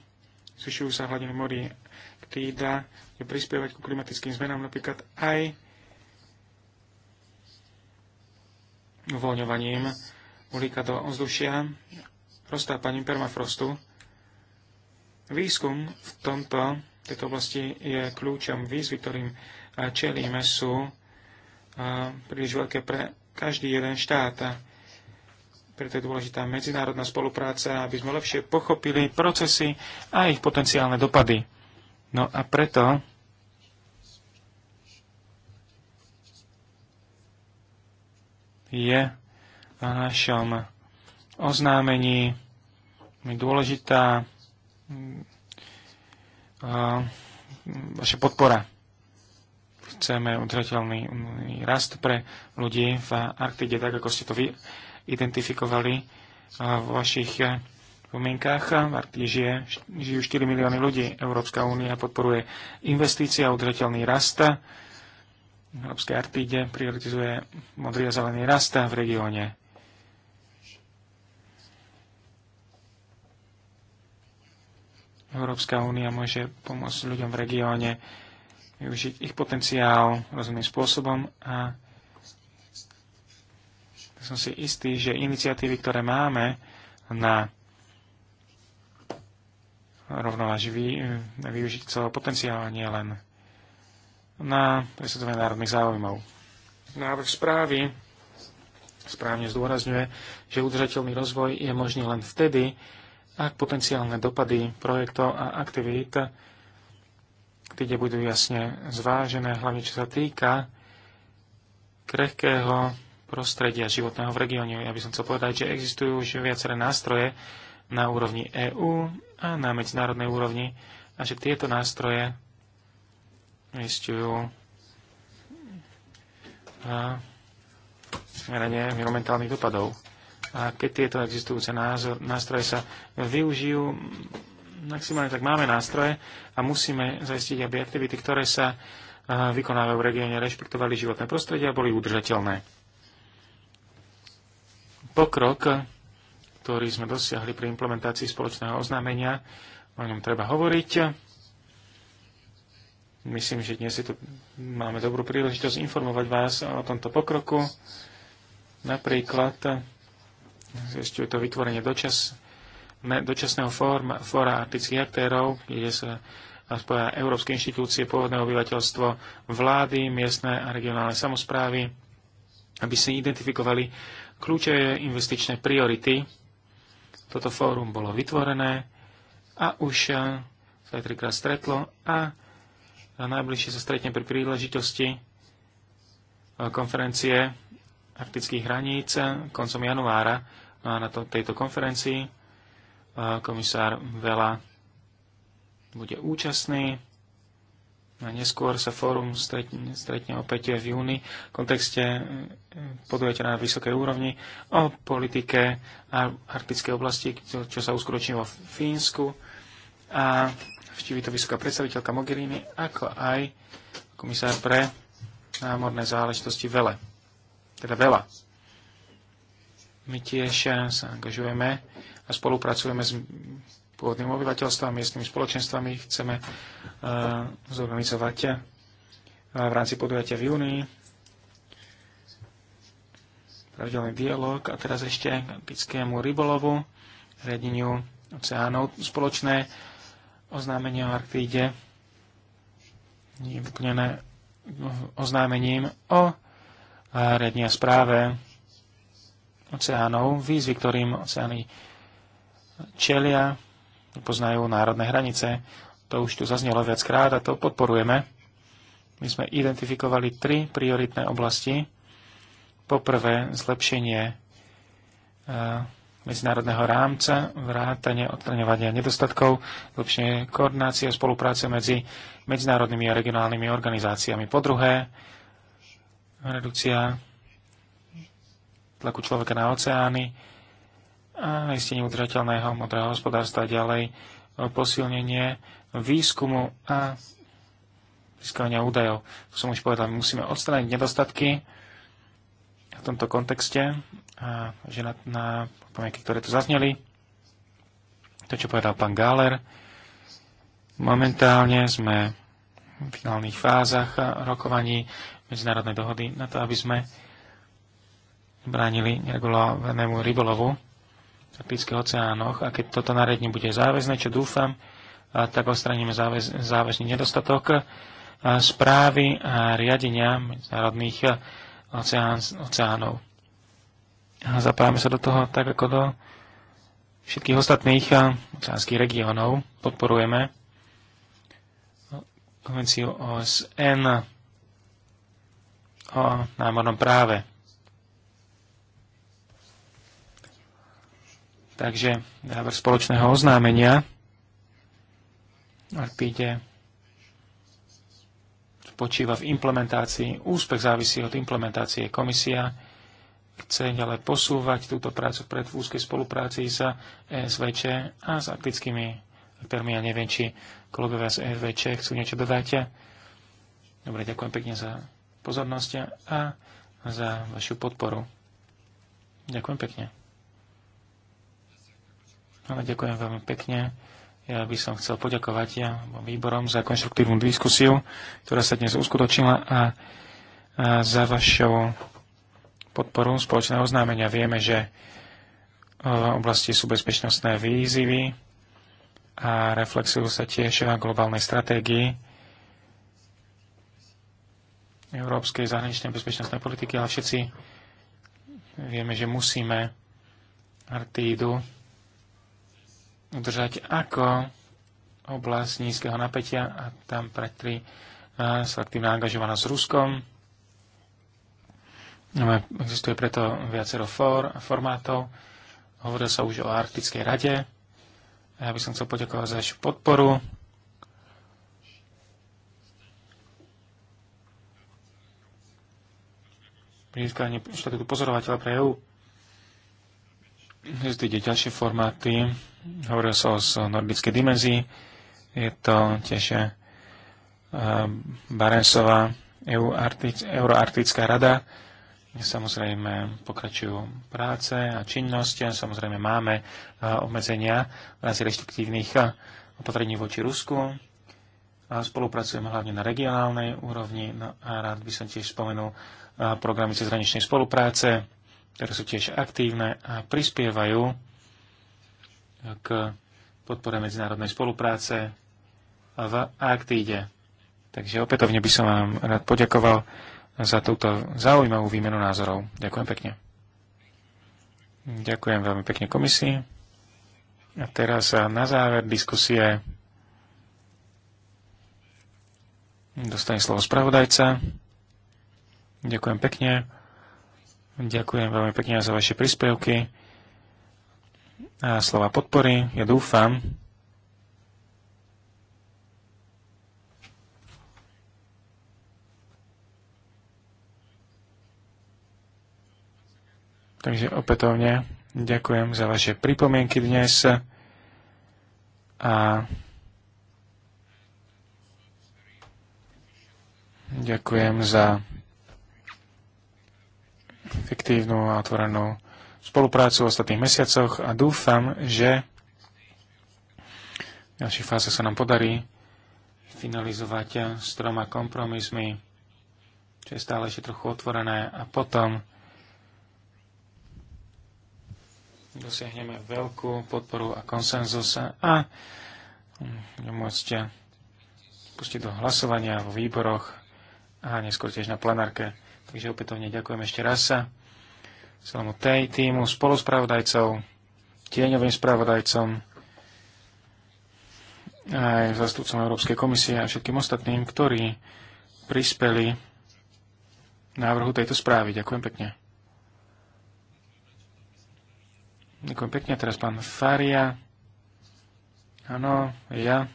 zvyšujú sa hladiny morí ptída je prispievať ku klimatickým zmenám napríklad aj uvoľňovaním uhlíka do ovzdušia, roztápaním permafrostu. Výskum v tomto, tejto oblasti je kľúčom. Výzvy, ktorým čelíme, sú príliš veľké pre každý jeden štát. Preto je dôležitá medzinárodná spolupráca, aby sme lepšie pochopili procesy a ich potenciálne dopady. No a preto je na našom oznámení dôležitá mm, vaša podpora. Chceme udržateľný mm, rast pre ľudí v Arktide, tak ako ste to vy identifikovali v vašich v Minkách v Arktíde žije, žijú 4 milióny ľudí. Európska únia podporuje investície a udržateľný rast. Európskej Artíde prioritizuje modrý a zelený rast v regióne. Európska únia môže pomôcť ľuďom v regióne využiť ich potenciál rozumným spôsobom a som si istý, že iniciatívy, ktoré máme na rovnováži vy, eh, využiť celého potenciálu, nie len na presadzovanie národných záujmov. Návrh správy správne zdôrazňuje, že udržateľný rozvoj je možný len vtedy, ak potenciálne dopady projektov a aktivít, kde budú jasne zvážené, hlavne čo sa týka krehkého prostredia životného v regióne. Ja by som chcel povedať, že existujú už viaceré nástroje, na úrovni EÚ a na medzinárodnej úrovni a že tieto nástroje istujú meranie environmentálnych dopadov. A keď tieto existujúce názor, nástroje sa využijú, maximálne tak máme nástroje a musíme zaistiť, aby aktivity, ktoré sa vykonávajú v regióne, rešpektovali životné prostredie a boli udržateľné. Pokrok ktorý sme dosiahli pri implementácii spoločného oznámenia. O ňom treba hovoriť. Myslím, že dnes tu máme dobrú príležitosť informovať vás o tomto pokroku. Napríklad ešte je to vytvorenie dočas, dočasného fóra, fóra artických aktérov, kde sa spoja európske inštitúcie, pôvodné obyvateľstvo, vlády, miestne a regionálne samozprávy, aby si identifikovali kľúčové investičné priority toto fórum bolo vytvorené a už sa aj trikrát stretlo a najbližšie sa stretne pri príležitosti e, konferencie arktických hraníc koncom januára. No a na to, tejto konferencii e, komisár Vela bude účastný a neskôr sa fórum stretne, stretne opäť v júni v kontexte e, podujete na vysokej úrovni o politike arktickej oblasti, čo, čo sa uskutočnilo v Fínsku. A vštíví to vysoká predstaviteľka Mogherini, ako aj komisár pre námorné záležitosti Vele. Teda Vela. My tiež sa angažujeme a spolupracujeme s pôvodným obyvateľstvom a miestnymi spoločenstvami chceme e, zorganizovať e, v rámci podujatia v júni pravidelný dialog a teraz ešte k antickému rybolovu, riadeniu oceánov, spoločné oznámenie o Arktíde je vykonané oznámením o e, riadení a správe oceánov, výzvy, ktorým oceány čelia, poznajú národné hranice. To už tu zaznelo viackrát a to podporujeme. My sme identifikovali tri prioritné oblasti. Poprvé, zlepšenie e, medzinárodného rámca, vrátanie odstraňovania nedostatkov, lepšie koordinácie a spolupráce medzi medzinárodnými a regionálnymi organizáciami. Po druhé, redukcia tlaku človeka na oceány, a istenie udržateľného modrého hospodárstva ďalej e, posilnenie výskumu a získavania údajov. Som už povedal, my musíme odstrániť nedostatky v tomto kontexte, a že na, na pomienky, ktoré tu zazneli, to, čo povedal pán Gáler, momentálne sme v finálnych fázach rokovaní medzinárodnej dohody na to, aby sme bránili neregulovanému rybolovu Atlantských oceánoch a keď toto nariadenie bude záväzné, čo dúfam, a tak odstraníme záväz, záväzný nedostatok a správy a riadenia medzinárodných oceán, oceánov. A zapájame sa do toho tak ako do všetkých ostatných oceánskych regiónov. Podporujeme konvenciu OSN o námornom práve. Takže návrh spoločného oznámenia, ak ide, spočíva v implementácii. Úspech závisí od implementácie. Komisia chce ďalej posúvať túto prácu pred v úzkej spolupráci sa ESVČ a s aktickými aktérmi. Ja neviem, či kolegovia z ESVČ chcú niečo dodať. Dobre, ďakujem pekne za pozornosť a za vašu podporu. Ďakujem pekne. Áno, ďakujem veľmi pekne. Ja by som chcel poďakovať ja výborom za konštruktívnu diskusiu, ktorá sa dnes uskutočnila a, a za vašu podporu spoločného oznámenia. Vieme, že v oblasti sú bezpečnostné výzivy a reflexujú sa tiež na globálnej stratégii európskej zahraničnej bezpečnostnej politiky, ale všetci vieme, že musíme Artídu udržať ako oblasť nízkeho napätia a tam pretri sa aktívna angažovaná s Ruskom. No, existuje preto viacero for, formátov. Hovoril sa už o Arktickej rade. Ja by som chcel poďakovať za vašu podporu. Prískanie štatutu pozorovateľa pre EU ide ďalšie formáty. Hovoril sa o nordickej dimenzii. Je to tiež eh, Barensová Euroarktická rada. Samozrejme pokračujú práce a činnosti, Samozrejme máme eh, obmedzenia v rámci reštriktívnych eh, opatrení voči Rusku. A spolupracujeme hlavne na regionálnej úrovni. No a rád by som tiež spomenul programy cezhraničnej spolupráce ktoré sú tiež aktívne a prispievajú k podpore medzinárodnej spolupráce v Arktíde. Takže opätovne by som vám rád poďakoval za túto zaujímavú výmenu názorov. Ďakujem pekne. Ďakujem veľmi pekne komisii. A teraz na záver diskusie dostane slovo spravodajca. Ďakujem pekne. Ďakujem veľmi pekne za vaše príspevky a slova podpory. Ja dúfam, Takže opätovne ďakujem za vaše pripomienky dnes a ďakujem za efektívnu a otvorenú spoluprácu v ostatných mesiacoch a dúfam, že v ďalších fázach sa nám podarí finalizovať s troma kompromismi, čo je stále ešte trochu otvorené a potom dosiahneme veľkú podporu a konsenzus a môžete pustiť do hlasovania vo výboroch a neskôr tiež na plenárke. Takže opätovne ďakujem ešte raz sa celému tej týmu, spoluspravodajcov, tieňovým spravodajcom, aj zastupcom Európskej komisie a všetkým ostatným, ktorí prispeli návrhu tejto správy. Ďakujem pekne. Ďakujem pekne. Teraz pán Faria. Áno, ja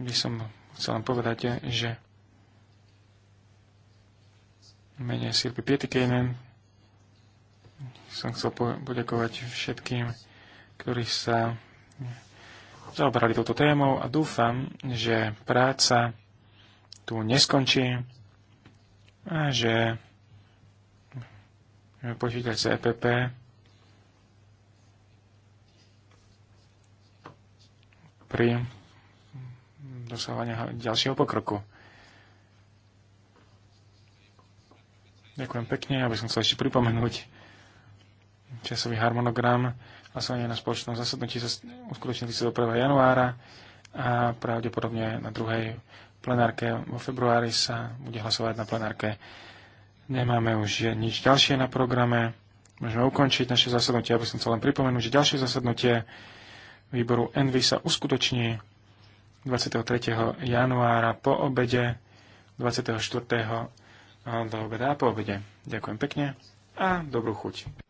by som chcel vám povedať, že mene Silpy Pietikejnen som chcel poďakovať všetkým, ktorí sa zaoberali touto témou a dúfam, že práca tu neskončí a že počítať sa EPP pri dosahovaní ďalšieho pokroku. Ďakujem pekne, aby som chcel ešte pripomenúť časový harmonogram hlasovanie na spoločnom zasadnutí sa uskutoční 1. januára a pravdepodobne na druhej plenárke vo februári sa bude hlasovať na plenárke. Nemáme už nič ďalšie na programe. Môžeme ukončiť naše zasadnutie. Aby som chcel len pripomenúť, že ďalšie zasadnutie výboru Envy sa uskutoční 23. januára po obede 24 do obeda a po obede. Ďakujem pekne a dobrú chuť.